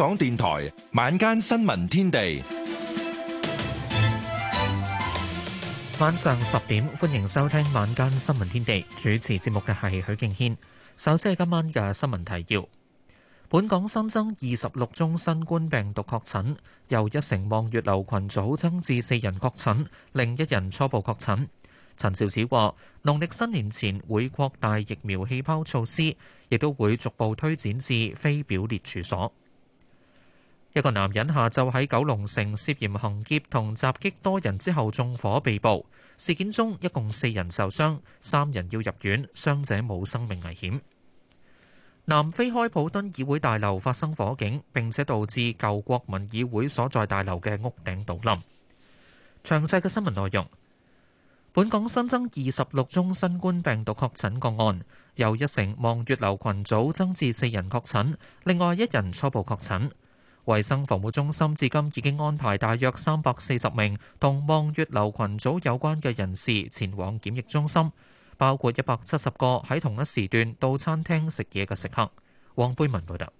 港電台晚間新聞天地，晚上十點歡迎收聽晚間新聞天地。主持節目嘅係許敬軒。首先係今晚嘅新聞提要。本港新增二十六宗新冠病毒確診，由一成望月樓群組增至四人確診，另一人初步確診。陳肇始話，農曆新年前會擴大疫苗氣泡措施，亦都會逐步推展至非表列處所。一個男人下晝喺九龍城涉嫌行劫同襲擊多人之後縱火被捕。事件中一共四人受傷，三人要入院，傷者冇生命危險。南非開普敦議會大樓發生火警，並且導致舊國民議會所在大樓嘅屋頂倒冧。詳細嘅新聞內容。本港新增二十六宗新冠病毒確診個案，由一成望月樓群組增至四人確診，另外一人初步確診。衛生防護中心至今已經安排大約三百四十名同望月樓群組有關嘅人士前往檢疫中心，包括一百七十個喺同一時段到餐廳食嘢嘅食客。黃貝文報道，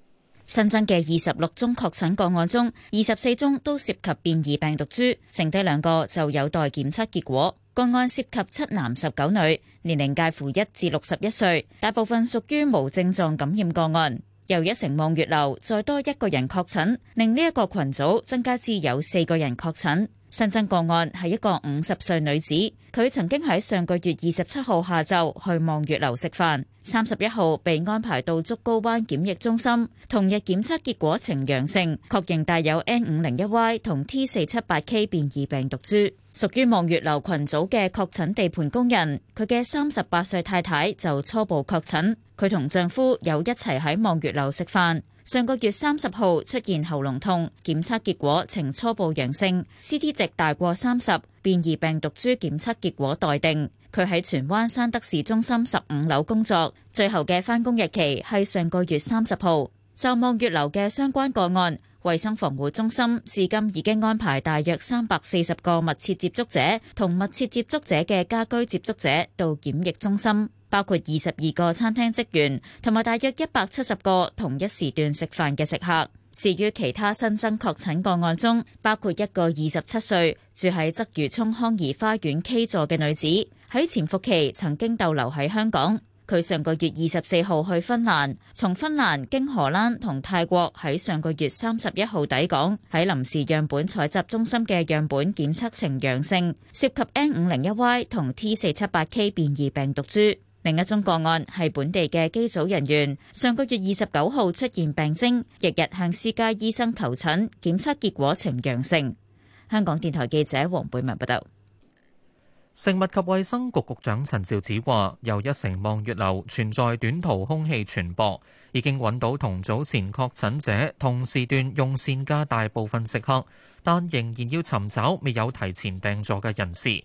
新增嘅二十六宗確診個案中，二十四宗都涉及變異病毒株，剩低兩個就有待檢測結果。個案涉及七男十九女，年齡介乎一至六十一歲，大部分屬於無症狀感染個案。又一城望月樓再多一個人確診，令呢一個群組增加至有四個人確診。新增個案係一個五十歲女子，佢曾經喺上個月二十七號下晝去望月樓食飯，三十一號被安排到竹篙灣檢疫中心，同日檢測結果呈陽性，確認帶有 N 五零一 Y 同 T 四七八 K 變異病毒株，屬於望月樓群組嘅確診地盤工人。佢嘅三十八歲太太就初步確診。佢同丈夫有一齊喺望月樓食飯，上個月三十號出現喉嚨痛，檢測結果呈初步陽性，CT 值大過三十，變異病毒株檢測結果待定。佢喺荃灣山德士中心十五樓工作，最後嘅返工日期係上個月三十號。就望月樓嘅相關個案，衛生防護中心至今已經安排大約三百四十個密切接觸者同密切接觸者嘅家居接觸者到檢疫中心。包括二十二個餐廳職員，同埋大約一百七十個同一時段食飯嘅食客。至於其他新增確診個案中，包括一個二十七歲住喺鰂魚涌康怡花園 K 座嘅女子，喺潛伏期曾經逗留喺香港。佢上個月二十四號去芬蘭，從芬蘭經荷蘭同泰國喺上個月三十一號抵港，喺臨時樣本採集中心嘅樣本檢測呈陽性，涉及 N 五零一 Y 同 T 四七八 K 變異病毒株。另一宗個案係本地嘅機組人員，上個月二十九號出現病徵，日日向私家醫生求診，檢測結果呈陽性。香港電台記者黃貝文報道。食物及衛生局局長陳肇始話，又一城望月樓存在短途空氣傳播，已經揾到同早前確診者同時段用膳嘅大部分食客，但仍然要尋找未有提前訂座嘅人士。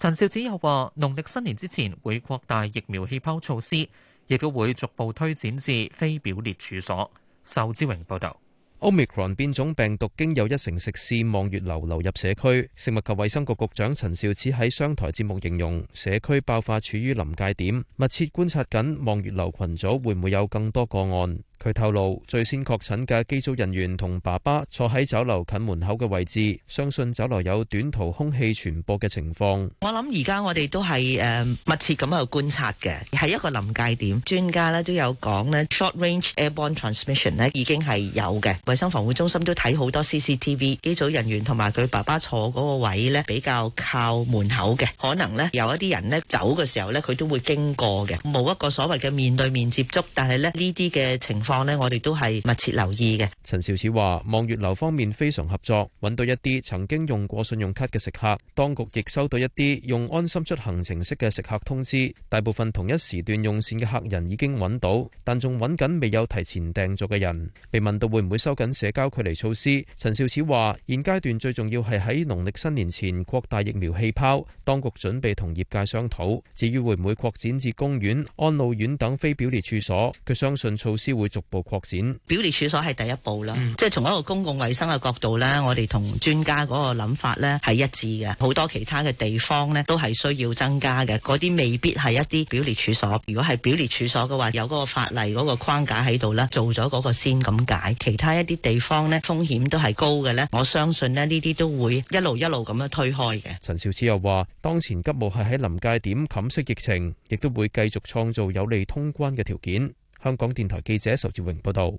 陳肇始又話，農曆新年之前會擴大疫苗氣泡措施，亦都會逐步推展至非表列處所。仇志榮報導。Omicron 變種病毒經有一成食肆望月樓流入社區，食物及衛生局局長陳肇始喺商台節目形容，社區爆發處於臨界點，密切觀察緊望月樓群組會唔會有更多個案。佢透露，最先確診嘅機組人員同爸爸坐喺酒樓近門口嘅位置，相信酒樓有短途空氣傳播嘅情況。我諗而家我哋都係誒、嗯、密切咁去觀察嘅，係一個臨界點。專家咧都有講咧 short-range airborne transmission 咧已經係有嘅。衛生防護中心都睇好多 CCTV 機組人員同埋佢爸爸坐嗰個位咧比較靠門口嘅，可能咧有一啲人咧走嘅時候咧佢都會經過嘅，冇一個所謂嘅面對面接觸，但係咧呢啲嘅情況。我哋都係密切留意嘅。陳肇始話，望月樓方面非常合作，揾到一啲曾經用過信用卡嘅食客。當局亦收到一啲用安心出行程式嘅食客通知，大部分同一時段用膳嘅客人已經揾到，但仲揾緊未有提前訂座嘅人。被問到會唔會收緊社交距離措施，陳肇始話，現階段最重要係喺農曆新年前擴大疫苗氣泡，當局準備同業界商討。至於會唔會擴展至公園、安老院等非表列處所，佢相信措施會。逐步擴展表列處所係第一步啦，嗯、即係從一個公共衛生嘅角度咧，我哋同專家嗰個諗法咧係一致嘅。好多其他嘅地方咧都係需要增加嘅，嗰啲未必係一啲表列處所。如果係表列處所嘅話，有嗰個法例嗰個框架喺度咧，做咗嗰個先咁解。其他一啲地方咧風險都係高嘅咧，我相信呢，呢啲都會一路一路咁樣推開嘅。陳肇始又話，當前急務係喺臨界點冚熄疫情，亦都會繼續創造有利通關嘅條件。香港電台記者仇志榮報道，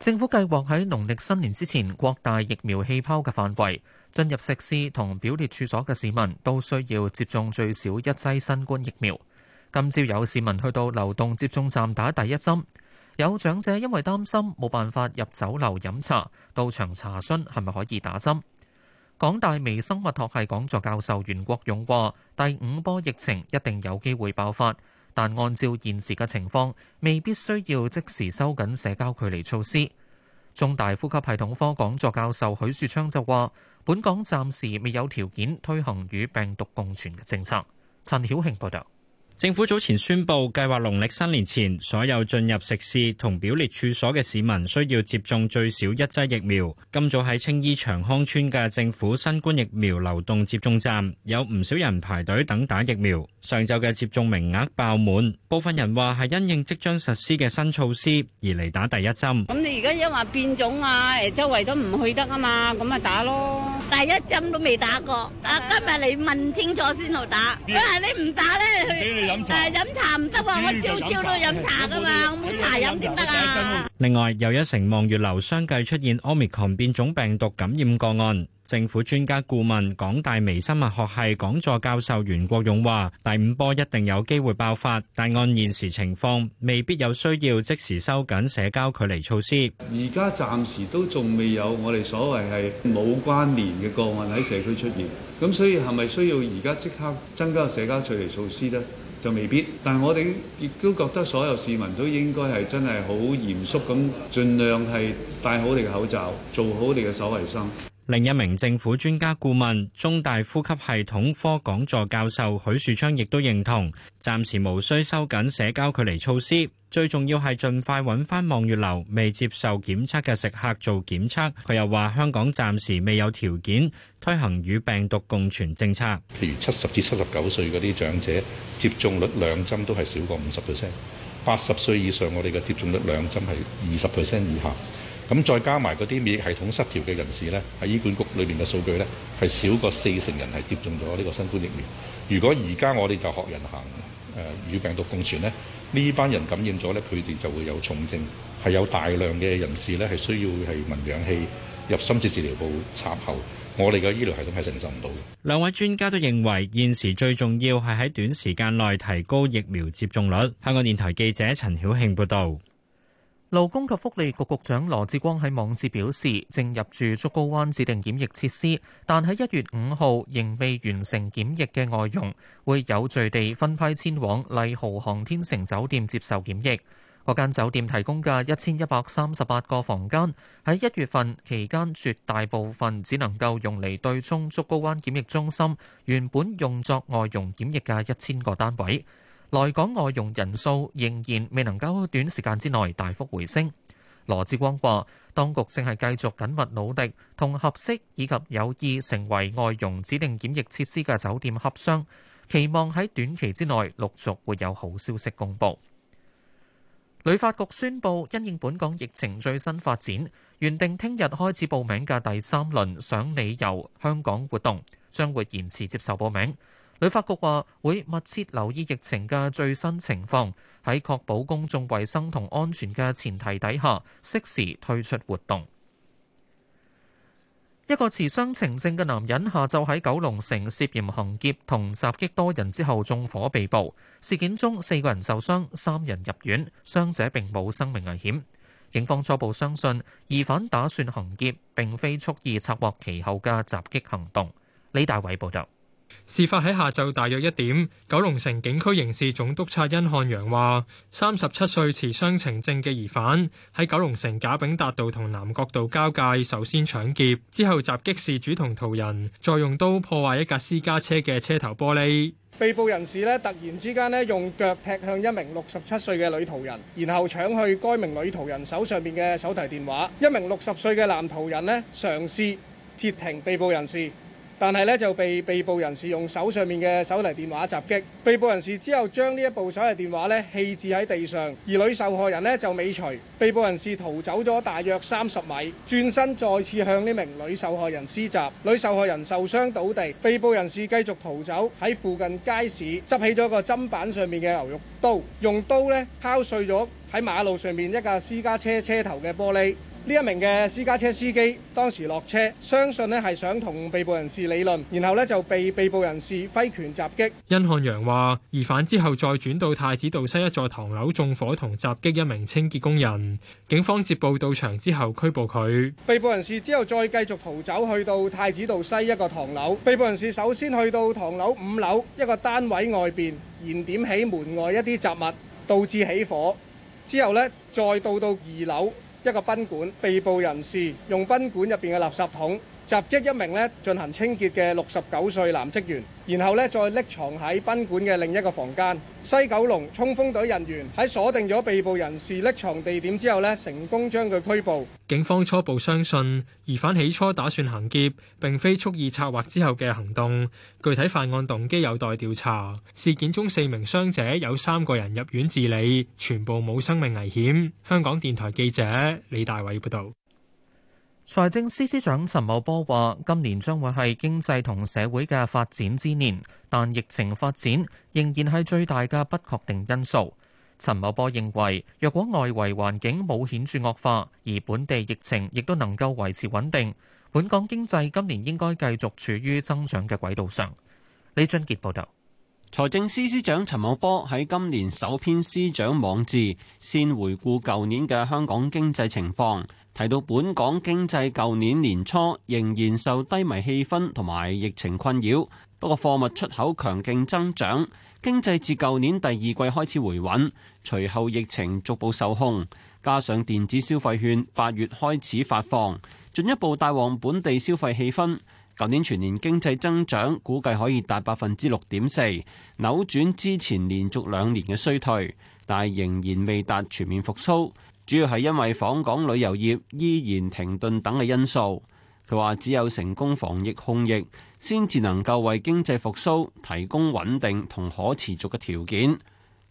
政府計劃喺農曆新年之前擴大疫苗氣泡嘅範圍，進入食肆同表列處所嘅市民都需要接種最少一劑新冠疫苗。今朝有市民去到流動接種站打第一針，有長者因為擔心冇辦法入酒樓飲茶，到場查詢係咪可以打針。港大微生物學系講座教授袁國勇話，第五波疫情一定有機會爆發。但按照現時嘅情況，未必需要即時收緊社交距離措施。中大呼吸系統科講座教授許樹昌就話，本港暫時未有條件推行與病毒共存嘅政策。陳曉慶報道。政府早前宣布，計劃農曆新年前所有進入食肆同表列處所嘅市民需要接種最少一劑疫苗。今早喺青衣長康村嘅政府新冠疫苗流動接種站，有唔少人排隊等打疫苗。上晝嘅接種名額爆滿，部分人話係因應即將實施嘅新措施而嚟打第一針。咁你而家因為變種啊，周圍都唔去得啊嘛，咁咪打咯。第一針都未打過，啊！今日你問清楚先好打。佢啊、嗯，你唔打咧去？俾你飲茶、呃、飲茶。誒，飲茶唔得喎，我朝朝都飲茶噶嘛，冇茶飲點得啊！另外，又一城望月樓相繼出現 Omicron 變種病毒感染個案。政府專家顧問、港大微生物學系講座教授袁國勇話：第五波一定有機會爆發，但按現時情況，未必有需要即時收緊社交距離措施。而家暫時都仲未有我哋所謂係冇關聯嘅個案喺社區出現，咁所以係咪需要而家即刻增加社交距離措施呢？就未必。但係我哋亦都覺得所有市民都應該係真係好嚴肅咁，盡量係戴好你嘅口罩，做好你嘅手衞生。另一名政府專家顧問、中大呼吸系統科講座教授許樹昌亦都認同，暫時無需收緊社交距離措施，最重要係盡快揾返望月樓未接受檢測嘅食客做檢測。佢又話：香港暫時未有條件推行與病毒共存政策。譬如七十至七十九歲嗰啲長者，接種率兩針都係少過五十 percent；八十歲以上，我哋嘅接種率兩針係二十 percent 以下。咁再加埋嗰啲免疫系統失調嘅人士咧，喺醫管局裏邊嘅數據咧，係少過四成人係接種咗呢個新冠疫苗。如果而家我哋就學人行誒與、呃、病毒共存咧，呢班人感染咗咧，佢哋就會有重症，係有大量嘅人士咧，係需要係聞氧氣入深切治療部插喉，我哋嘅醫療系統係承受唔到嘅。兩位專家都認為現時最重要係喺短時間內提高疫苗接種率。香港電台記者陳曉慶報道。勞工及福利局局長羅致光喺網誌表示，正入住竹篙灣指定檢疫設施，但喺一月五號仍未完成檢疫嘅外傭，會有序地分批遷往麗豪航天城酒店接受檢疫。嗰間酒店提供嘅一千一百三十八個房間，喺一月份期間絕大部分只能夠用嚟對沖竹篙灣檢疫中心原本用作外傭檢疫嘅一千個單位。來港外傭人數仍然未能夠短時間之內大幅回升。羅志光話：當局正係繼續緊密努力，同合適以及有意成為外傭指定檢疫設施嘅酒店合商，期望喺短期之內陸續會有好消息公布。旅發局宣布，因應本港疫情最新發展，原定聽日開始報名嘅第三輪賞你遊香港活動，將會延遲接受報名。旅發局話會密切留意疫情嘅最新情況，喺確保公眾衞生同安全嘅前提底下，適時推出活動。 一個持雙程證嘅男人下晝喺九龍城涉嫌行劫同襲擊多人之後縱火被捕，事件中四個人受傷，三人入院，傷者並冇生命危險。警方初步相信疑犯打算行劫，並非蓄意策劃其後嘅襲擊行動。李大偉報道。事發喺下晝大約一點，九龍城警區刑事總督察殷漢陽話，三十七歲持雙程證嘅疑犯喺九龍城賈炳達道同南角道交界首先搶劫，之後襲擊事主同途人，再用刀破壞一架私家車嘅車頭玻璃。被捕人士咧，突然之間咧，用腳踢向一名六十七歲嘅女途人，然後搶去該名女途人手上邊嘅手提電話。一名六十歲嘅男途人咧，嘗試截停被捕人士。但係呢，就被被捕人士用手上面嘅手提電話襲擊，被捕人士之後將呢一部手提電話呢棄置喺地上，而女受害人呢就尾隨，被捕人士逃走咗大約三十米，轉身再次向呢名女受害人施襲，女受害人受傷倒地，被捕人士繼續逃走喺附近街市執起咗個砧板上面嘅牛肉刀，用刀呢敲碎咗喺馬路上面一架私家車車頭嘅玻璃。呢一名嘅私家車司機當時落車，相信呢係想同被捕人士理論，然後呢就被被捕人士揮拳襲擊。殷漢陽話：疑犯之後再轉到太子道西一座唐樓縱火同襲擊一名清潔工人，警方接報到場之後拘捕佢。被捕人士之後再繼續逃走去到太子道西一個唐樓，被捕人士首先去到唐樓五樓一個單位外邊，燃點起門外一啲雜物，導致起火。之後呢，再到到二樓。一個賓館，被捕人士用賓館入邊嘅垃圾桶，襲擊一名呢進行清潔嘅六十九歲男職員，然後呢再匿藏喺賓館嘅另一個房間。西九龍衝鋒隊人員喺鎖定咗被捕人士匿藏地點之後呢，成功將佢拘捕。警方初步相信疑犯起初打算行劫，並非蓄意策劃之後嘅行動。具體犯案動機有待調查。事件中四名傷者有三個人入院治理，全部冇生命危險。香港電台記者李大偉報導。財政司司長陳茂波話，今年將會係經濟同社會嘅發展之年，但疫情發展仍然係最大嘅不確定因素。陳茂波認為，若果外圍環境冇顯著惡化，而本地疫情亦都能夠維持穩定，本港經濟今年應該繼續處於增長嘅軌道上。李俊傑報道。財政司司長陳茂波喺今年首篇司長網誌，先回顧舊年嘅香港經濟情況。提到本港經濟，舊年年初仍然受低迷氣氛同埋疫情困擾，不過貨物出口強勁增長，經濟自舊年第二季開始回穩，隨後疫情逐步受控，加上電子消費券八月開始發放，進一步帶旺本地消費氣氛。舊年全年經濟增長估計可以達百分之六點四，扭轉之前連續兩年嘅衰退，但係仍然未達全面復甦。主要係因為訪港旅遊業依然停頓等嘅因素。佢話：只有成功防疫控疫，先至能夠為經濟復甦提供穩定同可持續嘅條件。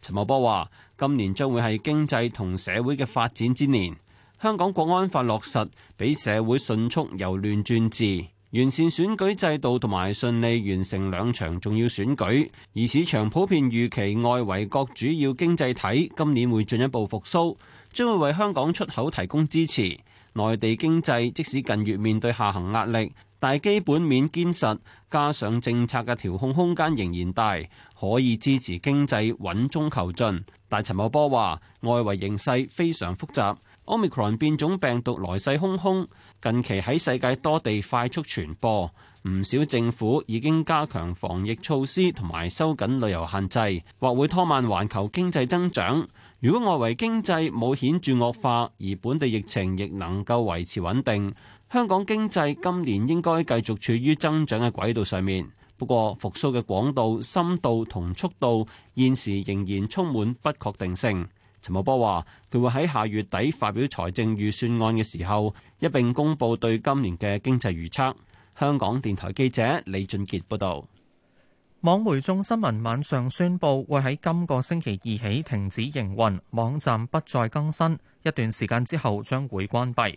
陳茂波話：今年將會係經濟同社會嘅發展之年。香港國安法落實，俾社會迅速由亂轉治，完善選舉制度同埋順利完成兩場重要選舉。而市場普遍預期外圍各主要經濟體今年會進一步復甦。將會為香港出口提供支持。內地經濟即使近月面對下行壓力，但基本面堅實，加上政策嘅調控空間仍然大，可以支持經濟穩中求進。但陳茂波話，外圍形勢非常複雜，Omicron 變種病毒來勢洶洶，近期喺世界多地快速傳播。唔少政府已經加強防疫措施，同埋收緊旅遊限制，或會拖慢環球經濟增長。如果外圍經濟冇顯著惡化，而本地疫情亦能夠維持穩定，香港經濟今年應該繼續處於增長嘅軌道上面。不過，復甦嘅廣度、深度同速度，現時仍然充滿不確定性。陳茂波話，佢會喺下月底發表財政預算案嘅時候，一並公布對今年嘅經濟預測。香港電台記者李俊杰報道，網媒眾新聞晚上宣布會喺今個星期二起停止營運，網站不再更新，一段時間之後將會關閉。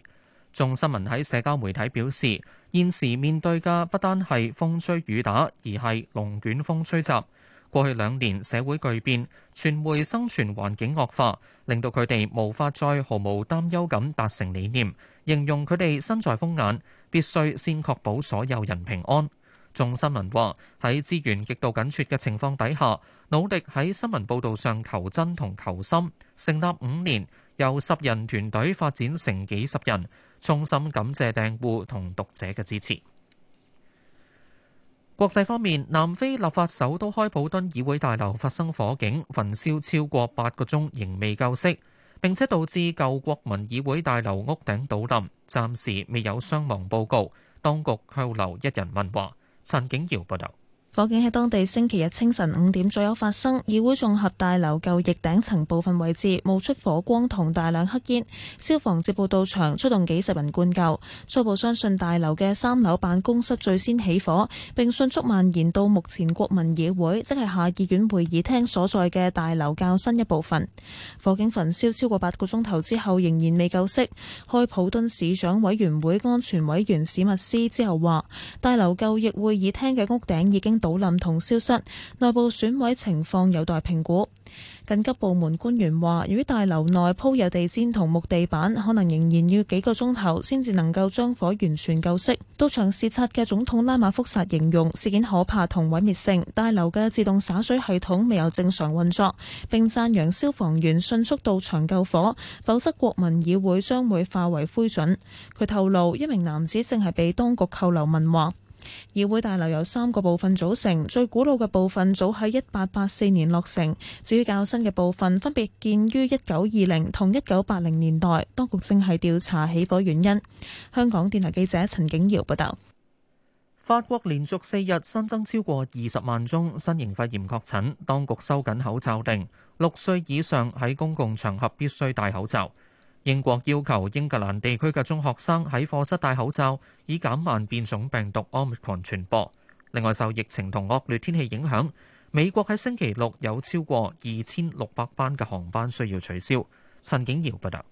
眾新聞喺社交媒體表示，現時面對嘅不單係風吹雨打，而係龍捲風吹襲。過去兩年社會巨變，傳媒生存環境惡化，令到佢哋無法再毫無擔憂咁達成理念，形容佢哋身在風眼，必須先確保所有人平安。眾新聞話喺資源極度緊缺嘅情況底下，努力喺新聞報導上求真同求深。成立五年，由十人團隊發展成幾十人，衷心感謝訂戶同讀者嘅支持。國際方面，南非立法首都開普敦議會大樓發生火警，焚燒超過八個鐘，仍未救熄，並且導致舊國民議會大樓屋頂倒冧，暫時未有傷亡報告。當局扣留一人問話。陳景堯報道。火警喺當地星期日清晨五點左右發生，議會綜合大樓舊翼頂層部分位置冒出火光同大量黑煙，消防接報到場，出動幾十人灌救。初步相信大樓嘅三樓辦公室最先起火，並迅速蔓延到目前國民議會，即係下議院會議廳所在嘅大樓較新一部分。火警焚燒超過八個鐘頭之後，仍然未救熄。開普敦市長委員會安全委員史密斯之後話：大樓舊翼會議廳嘅屋頂已經倒冧同消失，內部損毀情況有待評估。緊急部門官員話，如果大樓內鋪有地氈同木地板，可能仍然要幾個鐘頭先至能夠將火完全救熄。到場視察嘅總統拉馬福薩形容事件可怕同毀滅性，大樓嘅自動灑水系統未有正常運作，並讚揚消防員迅速到場救火，否則國民議會將會化為灰燼，佢透露，一名男子正係被當局扣留問話。議會大樓由三個部分組成，最古老嘅部分早喺一八八四年落成，至於較新嘅部分分別建於一九二零同一九八零年代。當局正係調查起火原因。香港電台記者陳景堯報道。法國連續四日新增超過二十萬宗新型肺炎確診，當局收緊口罩令，六歲以上喺公共場合必須戴口罩。英國要求英格蘭地區嘅中學生喺課室戴口罩，以減慢變種病毒 Omicron 傳播。另外，受疫情同惡劣天氣影響，美國喺星期六有超過二千六百班嘅航班需要取消。陳景耀報道。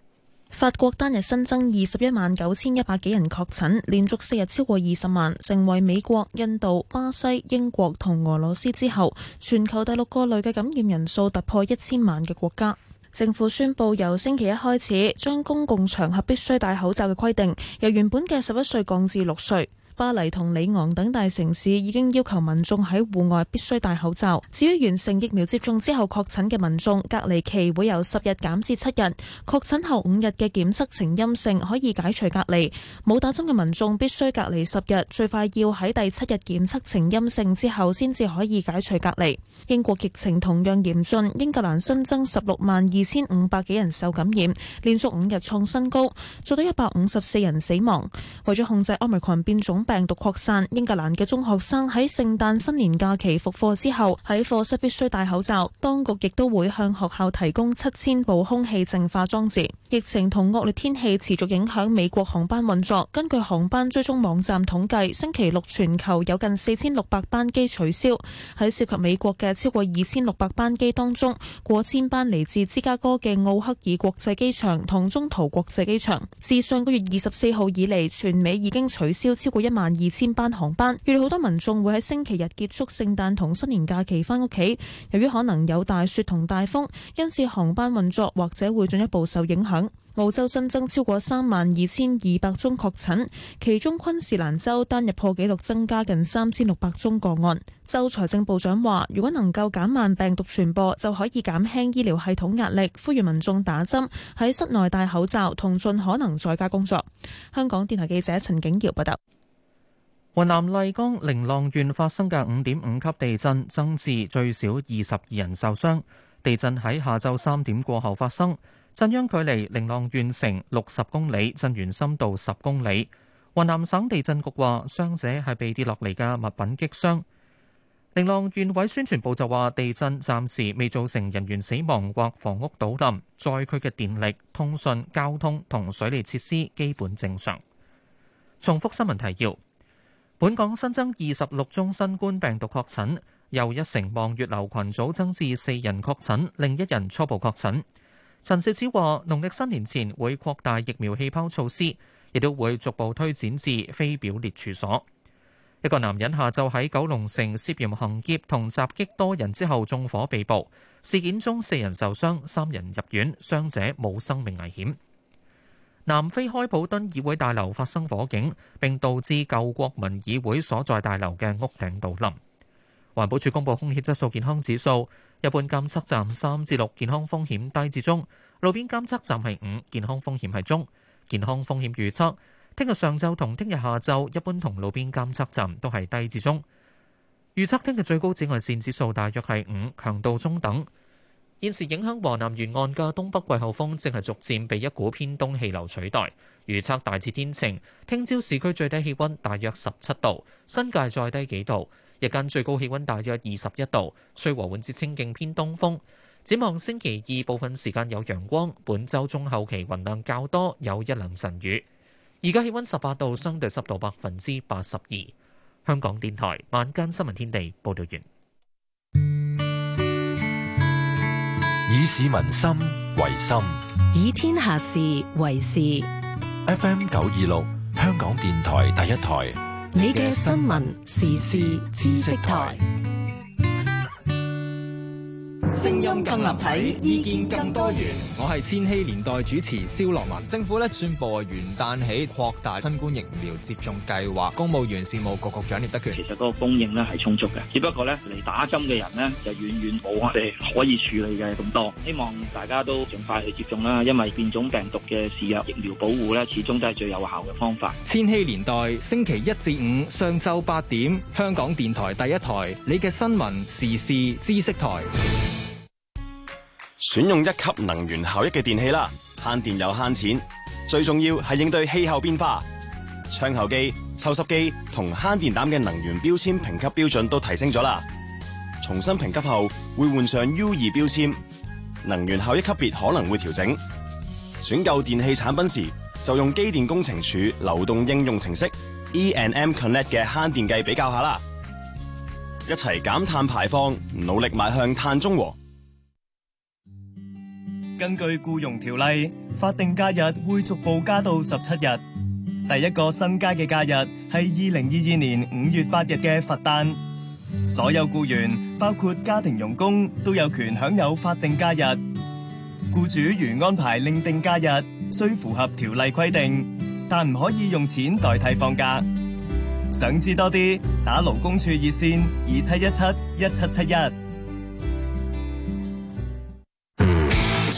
法國單日新增二十一萬九千一百幾人確診，連續四日超過二十萬，成為美國、印度、巴西、英國同俄羅斯之後，全球第六個累嘅感染人數突破一千萬嘅國家。政府宣布，由星期一開始，將公共場合必須戴口罩嘅規定由原本嘅十一歲降至六歲。巴黎同里昂等大城市已經要求民眾喺戶外必須戴口罩。至於完成疫苗接種之後確診嘅民眾隔離期會由十日減至七日。確診後五日嘅檢測呈陰性可以解除隔離，冇打針嘅民眾必須隔離十日，最快要喺第七日檢測呈陰性之後先至可以解除隔離。英國疫情同樣嚴峻，英格蘭新增十六萬二千五百幾人受感染，連續五日創新高，做到一百五十四人死亡。為咗控制奧密克戎變種病毒擴散，英格蘭嘅中學生喺聖誕新年假期復課之後，喺課室必須戴口罩。當局亦都會向學校提供七千部空氣淨化裝置。疫情同惡劣天氣持續影響美國航班運作。根據航班追蹤網站統計，星期六全球有近四千六百班機取消，喺涉及美國嘅，超過二千六百班機當中，過千班嚟自芝加哥嘅奧克爾國際機場同中途國際機場。自上個月二十四號以嚟，全美已經取消超過一萬二千班航班。預料好多民眾會喺星期日結束聖誕同新年假期翻屋企，由於可能有大雪同大風，因此航班運作或者會進一步受影響。澳洲新增超過三萬二千二百宗確診，其中昆士蘭州單日破紀錄增加近三千六百宗個案。州財政部長話：如果能夠減慢病毒傳播，就可以減輕醫療系統壓力。呼籲民眾打針，喺室內戴口罩，同盡可能在家工作。香港電台記者陳景堯報道。雲南麗江寧蒗縣發生嘅五點五級地震，增至最少二十二人受傷。地震喺下晝三點過後發生。震央距離寧浪縣城六十公里，震源深度十公里。雲南省地震局話，傷者係被跌落嚟嘅物品擊傷。寧浪縣委宣傳部就話，地震暫時未造成人員死亡或房屋倒冧。災區嘅電力、通訊、交通同水利設施基本正常。重複新聞提要：本港新增二十六宗新冠病毒確診，又一城望月樓群組增至四人確診，另一人初步確診。陳肇始話：農曆新年前會擴大疫苗氣泡措施，亦都會逐步推展至非表列處所。一個男人下晝喺九龍城涉嫌行劫同襲擊多人之後縱火被捕，事件中四人受傷，三人入院，傷者冇生命危險。南非開普敦議會大樓發生火警，並導致舊國民議會所在大樓嘅屋頂倒冧。環保署公布空氣質素健康指數。一般監測站三至六，健康風險低至中；路邊監測站係五，健康風險係中。健康風險預測：聽日上晝同聽日下晝，一般同路邊監測站都係低至中。預測聽日最高紫外線指數大約係五，強度中等。現時影響華南沿岸嘅東北季候風正係逐漸被一股偏東氣流取代，預測大致天晴。聽朝市區最低氣溫大約十七度，新界再低幾度。日間最高氣溫大約二十一度，吹和緩至清勁偏東風。展望星期二部分時間有陽光，本周中後期雲量較多，有一兩陣雨。而家氣溫十八度，相對濕度百分之八十二。香港電台晚間新聞天地，報道完。以市民心為心，以天下事為事。FM 九二六，香港電台第一台。你嘅新聞時事知識台。聲音更立體，意見更多元。我係千禧年代主持蕭羅文。政府咧宣布元旦起擴大新冠疫苗接種計劃。公務員事務局局長聶德權：其實嗰個供應咧係充足嘅，只不過咧嚟打針嘅人咧就遠遠冇我哋可以處理嘅咁多。希望大家都盡快去接種啦，因為變種病毒嘅肆虐，疫苗保護咧，始終都係最有效嘅方法。千禧年代星期一至五上晝八點，香港電台第一台，你嘅新聞時事知識台。選用一級能源效益嘅電器啦，慳電又慳錢，最重要係應對氣候變化。窗口機、抽濕機同慳電膽嘅能源標籤評級標準都提升咗啦。重新評級後會換上 U 二標籤，能源效益級別可能會調整。選購電器產品時，就用機電工程署流動應用程式 E n M Connect 嘅慳電計比較下啦。一齊減碳排放，努力邁向碳中和。根據僱傭條例，法定假日會逐步加到十七日。第一個新加嘅假日係二零二二年五月八日嘅佛誕。所有僱員，包括家庭傭工，都有權享有法定假日。僱主如安排另定假日，需符合條例規定，但唔可以用錢代替放假。想知多啲，打勞工處熱線二七一七一七七一。17年5月8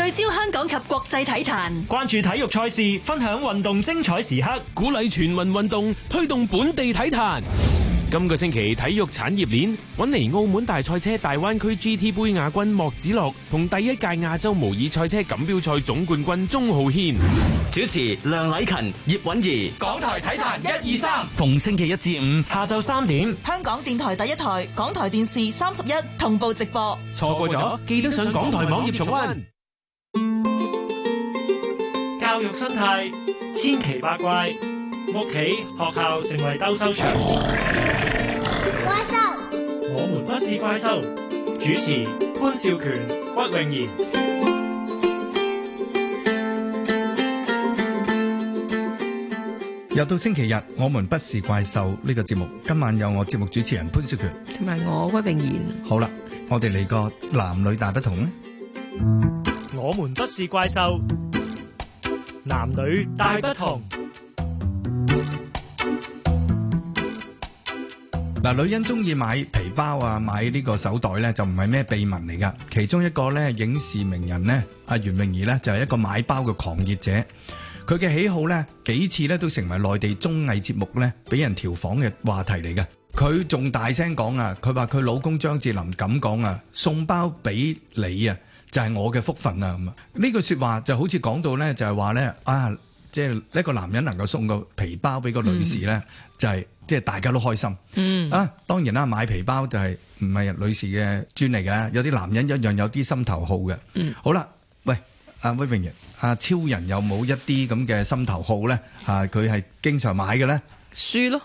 聚焦香港及國際體壇，關注體育賽事，分享運動精彩時刻，鼓勵全民運動，推動本地體壇。今個星期體育產業鏈揾嚟澳門大賽車大灣區 GT 盃亞軍莫子樂同第一屆亞洲模擬賽車錦標賽總冠軍鍾浩軒，主持梁禮勤、葉韻儀，港台體壇一二三，逢星期一至五下晝三點，香港電台第一台、港台電視三十一同步直播。錯過咗記得上港台網頁重溫。教育生態千奇百怪，屋企、學校成為鬥獸場。怪獸獸，我們不是怪獸。主持潘少權、屈穎妍。又到星期日，我們不是怪獸呢、這個節目，今晚有我節目主持人潘少權，同埋我屈穎妍。好啦，我哋嚟個男女大不同。我們不是怪獸。男女大不同。嗱，女人中意買皮包啊，買呢個手袋呢，就唔係咩秘密嚟噶。其中一個呢，影視名人呢，阿袁詠儀呢，就係一個買包嘅狂熱者。佢嘅喜好呢，幾次呢都成為內地綜藝節目呢，俾人調訪嘅話題嚟噶。佢仲大聲講啊，佢話佢老公張智霖咁講啊，送包俾你啊！就係我嘅福分啊！咁啊，呢句説話就好似講到咧、啊，就係話咧啊，即係一個男人能夠送個皮包俾個女士咧，嗯、就係即係大家都開心。嗯啊，當然啦，買皮包就係唔係女士嘅專利嘅，有啲男人一樣有啲心頭好嘅。嗯，好啦，喂，阿威明阿超人有冇一啲咁嘅心頭好咧？啊，佢係經常買嘅咧？書咯。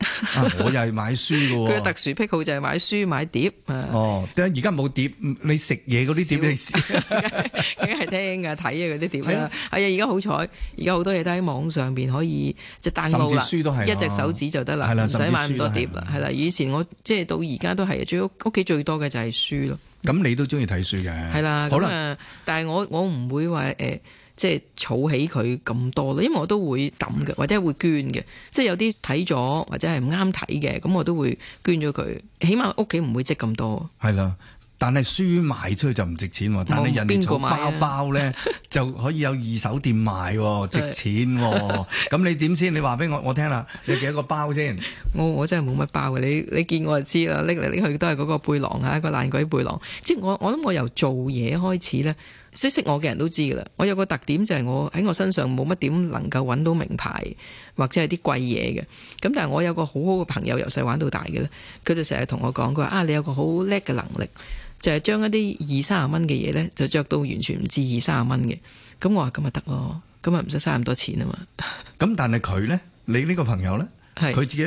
啊、我又係買書嘅，啊，佢特殊癖好就係買書買碟啊！哦，而家冇碟，你食嘢嗰啲碟你先，梗係小 聽啊睇啊嗰啲碟啦。係啊，而家、啊、 好彩，而家好多嘢都喺網上邊可以即係彈幕啦，啊、一隻手指就得啦，唔使、啊啊啊、買咁多碟啦。係啦，啊，以前我即係到而家都係，屋企最多嘅就係書咯。咁 你都中意睇書嘅係啦，咁 啊，但係我我唔會話誒。呃即係儲起佢咁多啦，因為我都會抌嘅，或者係會捐嘅。即係有啲睇咗或者係唔啱睇嘅，咁我都會捐咗佢。起碼屋企唔會積咁多。係啦，但係書賣出去就唔值錢喎。但係人哋個包包咧、啊、 就可以有二手店賣喎，值錢喎。咁是的 你點先？你話俾我我聽啦。你幾多個包先 我我真係冇乜包嘅。你你見我就知啦。拎嚟拎去都係嗰個背囊啊，個爛鬼背囊。即係我我諗我由做嘢開始咧。識識我嘅人都知噶啦，我有個特點就係我喺我身上冇乜點能夠揾到名牌或者係啲貴嘢嘅。咁但係我有個好好嘅朋友由細玩到大嘅，佢就成日同我講，佢話啊，你有個好叻嘅能力，就係、是、將一啲二三十蚊嘅嘢咧，就着到完全唔知二三十蚊嘅。咁我話咁咪得咯，咁咪唔使嘥咁多錢啊嘛。咁 但係佢咧，你呢個朋友咧，佢自己。